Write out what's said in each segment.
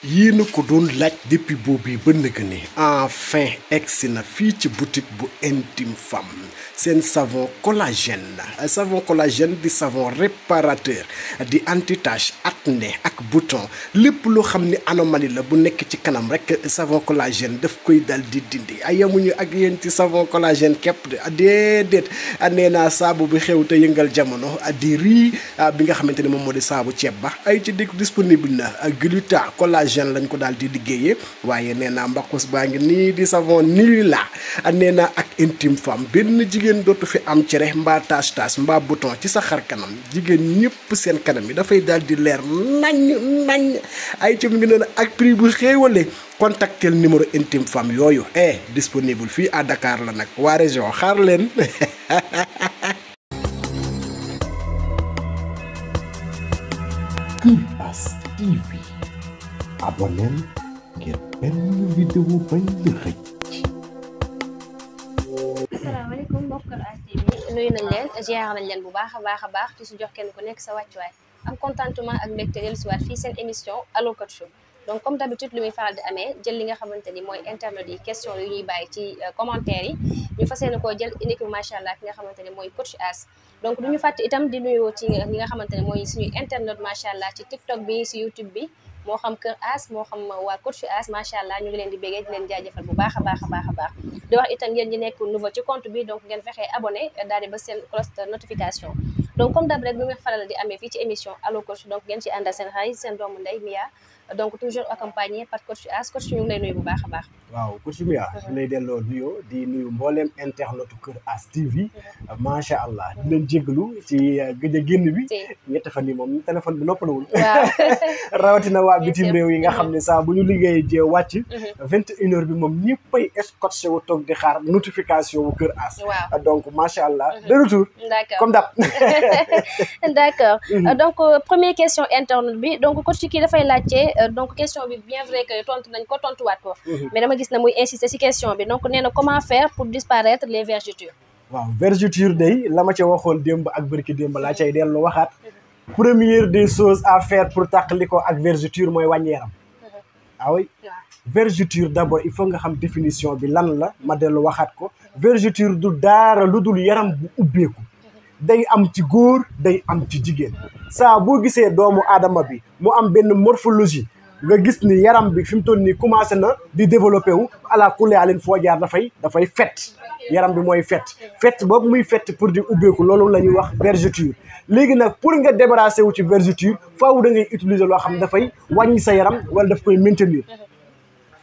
yéena ko doon laaj depuis boobu ba nëgë ni enfin si na fii ci boutique bu intime femme seen savon collagène savon collagène di savon réparateur di antitage tache acné ak bouton lépp loo xam ni anomalie la bu nekk ci kanam rek savon collagène daf koy dal di dindi ay yamuñu ak yéen ci savon collagen képp de déedéet nee naa saabu bi xew te yëngal jamono di riz bi nga xamante ni moom moo di saabu ceeb ba ay ci di disponible na gluta collagène gel lañ ko daal di liggéeyee waaye nee naa mbakkus baa di savon ni la ak intim femme benn jigen dotu fi am reh mba tache tache mba bouton ci sa xar kanam jigen ñepp seen kanam yi dafay daal di leer nañ nañ ay ci mi ngi ak prix bu xéewale contactel numéro intime femme yoyu eh disponible fi à Dakar la nak wa région xar len TV. abonneel ngir benn vidéo bañ la xëcc. asalaamaaleykum mbokk ATV nuyu nañ leen ziar nañ leen bu baax a baax a baax di si jox kenn ku nekk sa wàccuwaay am contentement ak mbégte dellusiwaat fii seen émission allo Coach Show donc lu muy faral di amee jël li nga xamante ni mooy internet yi question yu ñuy bàyyi ci euh, commentaire yi ñu fas yéene koo jël uniquement macha allah ki nga xamante ni mooy coach As donc du ñu fàtte itam di nuyoo ci ñi nga xamante ne mooy suñuy internet macha allah ci TikTok bi ci YouTube bi. moo xam kër As moo xam waa coach As macha allah ñu ngi leen di béggee di leen jaajëfal bu baax a baax a baax a baax di wax itam yéen ñi nekk nouveau ci compte bi donc ngeen fexee abonné daal ba seen cloche notification donc comme d'hab rek bi di amee fii ci émission allo coach donc ngeen ci àndal seen xarit seen doomu ndey Mia donc toujours accompagné par coach As coach ñu ngi lay nuyu bu baax a baax. waaw coach Mia ah, ñu lay delloo nuyo di nuyu mbooleem internetu Kër As TV. Mm-hmm. macha allah di leen jégalu ci euh, gëj a génn bi. ñett fan yi moom téléphone bi noppalawul. waaw rawatina waa bitim réew yi nga xam mm-hmm. ne saa bu ñu liggéey jee wàcc. Mm-hmm. vingt et une heure bi moom ñëppay escorté wu toog di xaar notification wu Kër As. Ah, donc macha allah. de retour comme d'hab. d' accord donc euh, première question internet bi donc coach kii dafay laajte. Euh, donc question bi bien vrai que tontu nañ ko wat ko. Mhm. mais dama gis na muy insister ci question bi donc nee comment faire pour disparaître les vergetures. waaw vergeture day la ma ca waxoon démb ak barki demb la cay delu waxat mhm. première des choses à faire pour takliko ak vergeture moy wàññi yaram. Mhm. ah oui vergeture d'abord il faut nga xam définition bi lan la ma delu waxat ko. vergeture du dara ludul yaram bu ubbeeku. day am ci góor day am ci jigéen saa boo gisee doomu aadama bi mu am benn morphologie nga gis ni yaram bi fi mu toll nii commencé na di développé wu ala kulli alin foo jaar dafay dafay fett yaram bi mooy fett fett boobu muy fett pour di ubbeeku loolu la ñuy wax vergeture léegi nag pour nga débarrasser wu ci vergeture faaw da ngay utiliser loo xam dafay wàññi sa yaram wala daf koy maintenir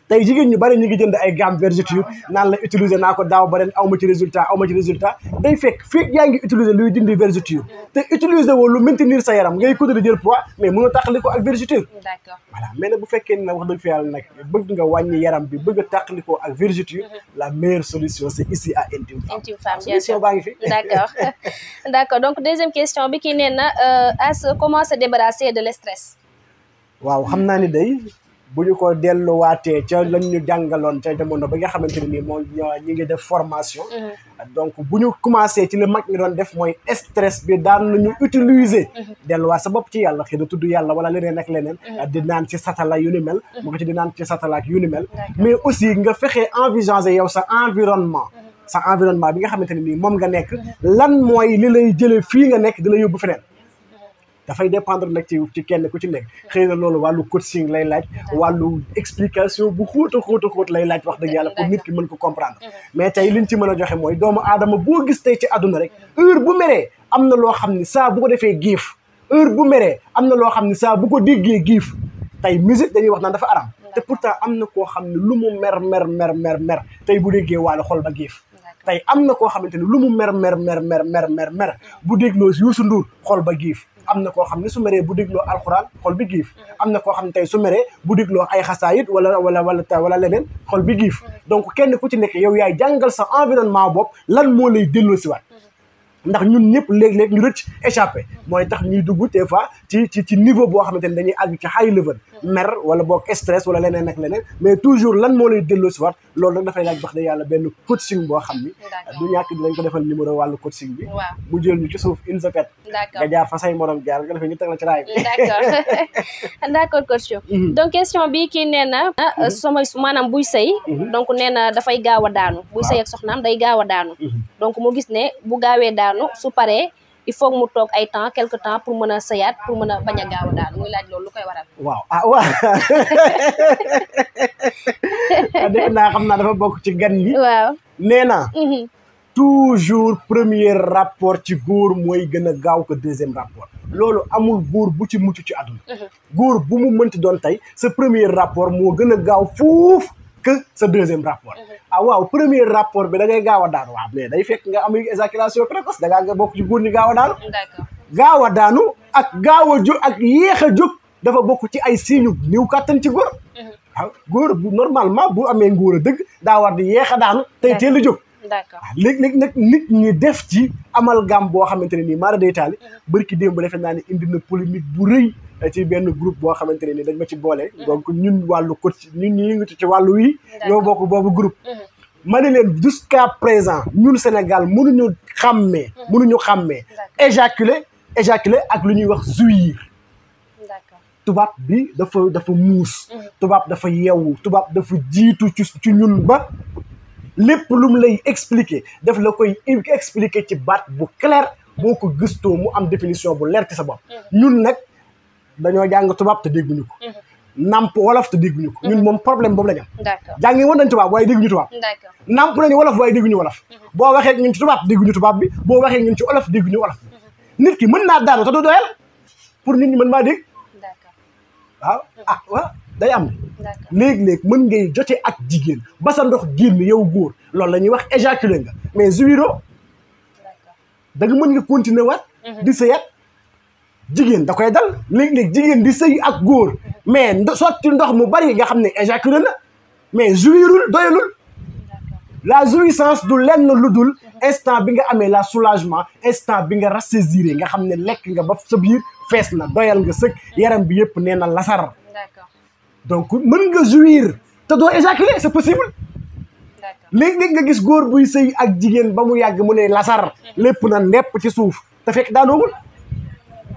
tay jigéen ñu bari ñi ngi jënd ay gamme vergeture naan la utiliser naa ko daaw ba ren aw ma ci résultat aw ma ci résultat day fekk fekk yaa ngi utiliser luy dindi vergeture te utiliser woo lu maintenir sa yaram ngay continuer jël poids mais mënoo tàqali ak vergeture d'accord voilà mais nag bu fekkee ne wax dëgg fi yàlla nag bëgg nga wàññi yaram bi bëgg a tàqali ak vergeture mm-hmm. la meilleure solution c'est ici à Intime Femme Intime Femme solution baa ngi fi d'accord d'accord donc deuxième question bi kii nee na euh, as comment se débarrasser de le stress waaw xam naa ni day bu ñu ko delluwaatee ca lañ ñu jàngaloon ca jamono bi nga xamante ne nii moo ñi ngi def formation. Mhm. donc bu ñu commencé ci li mag ñi doon def mooy stress bi daan nañu utiliser. Mhm. delluwaat sa bopp ci yàlla na tudd yàlla wala leneen ak leneen. Mhm. naan ci satala yu ni mel. mu naan ci satala yu ni mel. aussi nga fexe envisager yow sa environnement. sa environnement bi nga xamante ne nii moom nga nekk. lan mooy li lay jëlee fii nga nekk di la yóbbu feneen. dafay dépendre nag ci kenn ku ci nekk xëy na loolu wàllu coaching lay laaj wàllu explication bu xóot a xóot a lay laaj wax dëgg yàlla pour nit ki mën ko comprendre mais tey liñ ci mën a joxe mooy doomu aadama boo gis tey ci àdduna rek heure bu meree am na loo xam ni saa bu ko defee giif heure bu meree am na loo xam ni saa bu ko déggee giif tey musique dañuy wax naan dafa aram te pourtant am na koo xam ne lu mu mer mer mer mer mer tey bu déggee wàllu xol ba giif tay amna ko xamanteni lu mu mer mer mer mer mer mer mer bu dégloo yusu ndur xol ba gif amna ko xamni su mere bu deglo alquran xol bi gif amna ko xamni tay su mere bu deglo ay xasaayit wala wala wala ta wala leneen xol bi gif donc kenn ku ci nek yow yaay jàngal sa environnement bop lan mo lay delo ci wat ndax ñun ñëpp léeg-léeg ñu rëcc échappé mooy tax ñuy dugg des fois ci ci ci niveau boo xamante ne dañuy àgg ci high level mer wala boog stress wala leneen ak leneen mais toujours lan moo lay delloo si waat loolu nag dafay laaj wax dëgg yàlla benn coaching boo xam ni du ñàkk dinañ ko defal numéro wàllu coaching bi mu jël ñu ci suuf une seconde nga jaar fa bi mhm. question bi kii nee na ah, mhm. euh, sama maanaam buy sëy mhm. donc nee na dafay gaaw a daanu buy sëy ak soxnaam day gaaw a daanu donc mu gis ne bu gaawee daanu daanu su paree il faut mu toog ay temps quelque temps pour mën a sëyaat pour mën a bañ a gaaw a daanu muy laaj loolu lu koy waral. waaw ah waaw def naa xam naa dafa bokk ci gan yi. waaw nee naa. Mhm. toujours première rapport ci góor mooy gën a gaaw ko deuxième rapport. loolu amul góor bu ci mucc ci àdduna. Mhm. góor bu mu mënti doon tey sa premier rapport moo gën a gaaw fuuf. que sa deuxième rapport mhm. ah waaw premier rapport bi da ngay gaaw a daanu waaw mais day fekk nga am éjaculation précoce da ngaa bokk ci góor ñi gaaw a daanu gaaw a daanu ak gaaw a jóg ak yéex a jóg dafa bokk ci ay signe néew kàttan ci góor waaw mhm. ah, góor bu normalement bu amee ngóor a dëgg daa war di yeex a daanu tey teel a jóg d'accord ah, léegi nag nit ñi def ci amal amalgam boo xamante ne nii maara day taali mhm. bërki démb defe naa ne indi na polémique bu rëy ci benn groupe boo xamante dañ ma ci boole. Mm-hmm. donc ñun wàllu coach ñun ngi ci wàllu ñoo bokk boobu groupe. Mm-hmm. ma leen jusqu'à présent ñun Sénégal mënuñu mm-hmm. éjaculer éjaculer ak lu ñuy wax jouir. bi dafa dafa dafa dafa ci ñun ba. lépp expliquer daf la expliquer ci clair boo ko mu définition bu leer nous sa dañoo jàng tubaab te dégguñu ko. Mhm. namp wolof te dégguñu ko. ñun mhm. moom problème boobu la ñu am. d'accord jàngi woon nañ tubaab waaye dégguñu tubaab. d'accord namp nañu wolof waaye dégguñu wolof. Mhm. boo waxee ñun ci tubaab dégguñu tubaab bi boo waxee ñun ci wolof dégguñu wolof. nit ki mën naa daanu te du pour nit ñi mën maa dégg. d'accord ah, day am. d'accord léeg-léeg mën ngay jote ak jigéen ba sa ndox génn yow góor loolu la ñuy wax éjaculé nga mais zuwiro. d'accord da nga mën nga continuer waat. di sëyaat jigéen da koy dal léeg-léeg jigéen di sëy ak góor mais sotti ndox mu bari nga xam ne éjaculé na mais jouirul doyalul la jouissance du lenn lu dul instant bi nga amee la soulagement instant bi nga rassaisiré nga xam ne lekk nga ba sa biir fees na doyal nga sëkk yaram bi yëpp nee na lasar donc mën nga jouir te doo éjaculer c'est possible léeg-léeg nga gis góor buy sëy ak jigéen ba mu yàgg mu ne lasar mm-hmm. lépp na nepp ci suuf te fekk daanoogul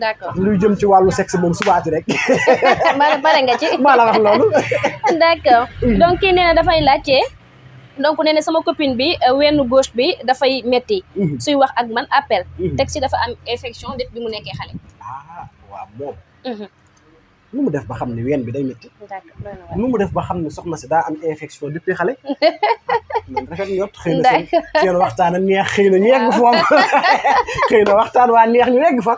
d'accord luy jëm ci wàllu sexe moom subaati rek. ma pare nga ci. maa la wax loolu. d'accord mm. donc kii nee dafay laajte. donc nee na sama copine bi euh, wenn gauche bi dafay metti mm-hmm. suy wax ak man appel. Mm-hmm. teg si dafa am infection depuis bi mu nekkee xale. Ah, nu mu def ba xam ne ween bi day métti nu mu def ba xam ne soxna si daa am infection depuis xale ah, man rafet njort xëy na waxtaan a neex xëy na ñu yegg fa xëy na waxtaan waa neex ñu yegg fa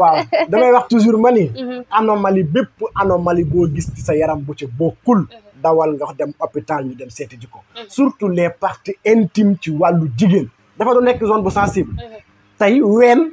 waaw damay wax toujours ma ni mhm. anomalie bépp anomalie boo gis sa yaram bu ci bokkul mhm. dawal nga dem hôpital ñu dem seeti ji ko mhm. surtout les parties intimes ci wàllu jigéen dafa doon nekk zone bu sensible tey ween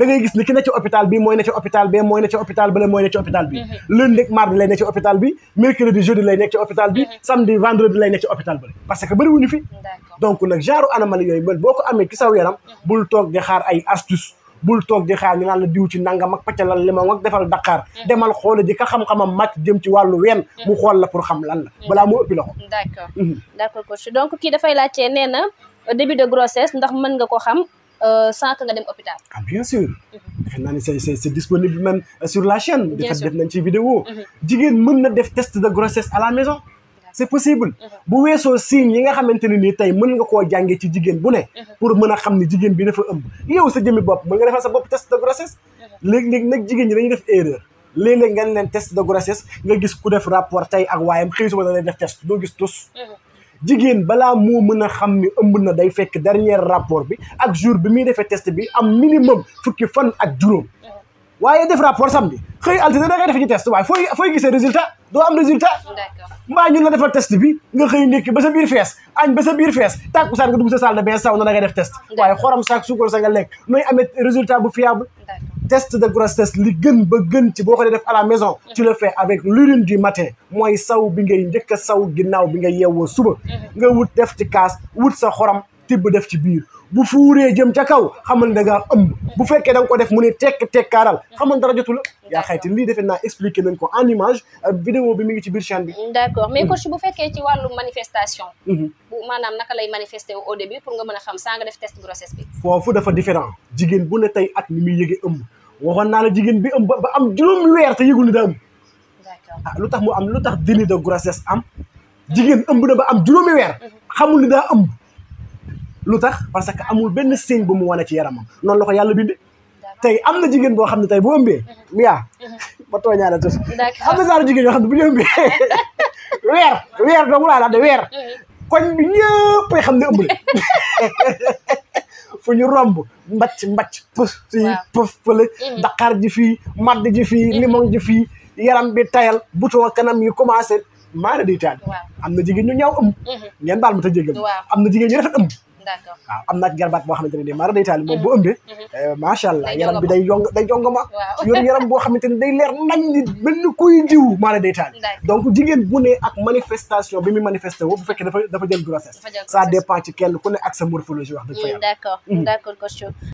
da ngay gis ni ki ne ci hôpital bi mooy ne ci hôpital bi mooy ne ci hôpital bale mooy ne ci hôpital bi mhm. lundi ak mardi lay lay nekk ci hôpital bi mhm. samedi vendredi lay nekk ci hôpital bale parce que bëriwuñu fi donc nag genre anomalie yooyu man boo ko amee ci saw yaram mhm. bul toog di xaar ay astuce bul toog di xaar ñu naan la diw ci nangam ak pàccalal li ma wax defal Dakar. demal xool di ka xam-xamam màcc jëm ci wàllu ween. mu xool la pour xam lan la. balaa moo ëppi la Euh, sans que nga dem hôpital. ah bien sûr. Mm-hmm. defe naa ni c'est c'est disponible euh, sur la chaîne. bien nañ ci vidéo. Mm-hmm. jigéen mën na def test de grossesse à la maison. c'est possible mm-hmm. bu weesoo signe yi nga xamante ne nii tey mën nga koo jàngee ci jigéen bu ne pour mën a xam ni jigéen bi dafa ëmb yow sa jëmmi bopp mën nga defal sa bopp test de grossesse léeg-léeg nag jigéen ñi dañuy def erreur léeg-léeg nga leen test de grossesse nga gis ku def rapport tey ak waayam xëy suba da lay def test doo gis tus jigen bala mo meuna a xam ni ëmb na day fekk dernier rapport bi ak jour bi mi defé test bi am minimum fukki fan ak djuroom waye def rapport samedi xëy altine da ngay def ci test way foy foy gisse résultat do am résultat d'accord mba ñun la defal test bi nga xëy nek ba sa bir fess añ ba sa bir fess tak sa nga dugg sa salle de bain saw na nga def test waye xoram saak sugol sa nga lek noy amé résultat bu fiable test de grossesse li gën ba gën ci boo ko def à la maison tu le fais avec l'urine du matin moy saw bi ngay njëkk saw ginnaw bi nga yeewoo suba mhm. nga wut def ci cas wut sa xoram tib def ci biir bu fuuree jëm ca kaw xamal da ngaa ëmb bu fekkee da nga ko def mu tek tek karal xamal dara jotul ya yaa li lii na expliquer expliqué nañ ko en image euh, vidéo bi mi ngi ci biir chaîne bi d'accord mais mhm. coach bu fekkee ci walu manifestation mhm. bu manam naka lay manifester au début pour nga mëna xam saa nga def test grossesse bi fofu dafa différent jigen bu ne tay at ni muy yëgee ëmb waxon na la jigen bi am ba am juroom wër te yegul ni da am ah lutax mo am lutax dini de grossesse am jigen ëmb na ba am juroomi wër xamul ni da am lutax parce que amul ben signe bu mu wone ci yaramam non ko yalla bindi tay amna jigen bo xamni tay bu ëmbé mhm. miya ba mhm. toña la tuss amna sar jigen yo xamni bu ëmbé wër wër do mu la da wër koñ bi ñepp xamni ëmb fu ñu romb mbacc mbacc pëf fii pëf fële mm-hmm. daqaar ji fii madd ji fii mm-hmm. limon ji fi yaram bi tayal butoo kanam yi commencé maa di taal am na jigéen ñu ñaw ëmb mm-hmm. ngeen baal ma ta jégal am na jigéen ñu rafet ëmb waaw am naa ci garbaat boo xamante ne nii mara day taali moom bu mm-hmm. ëmbee mm-hmm. Eh, macha yaram bi day yong day jongoma yor yaram boo xamante ne day leer nañ ni benn kuy jiw mara day taali donc jigéen bu ne ak manifestation bi mu manifesté woo bu fekkee dafa dafa jël grossesse ça dépend ci kenn ku ne ak sa morphologie wax dëgg fa mm, yàlla mm-hmm.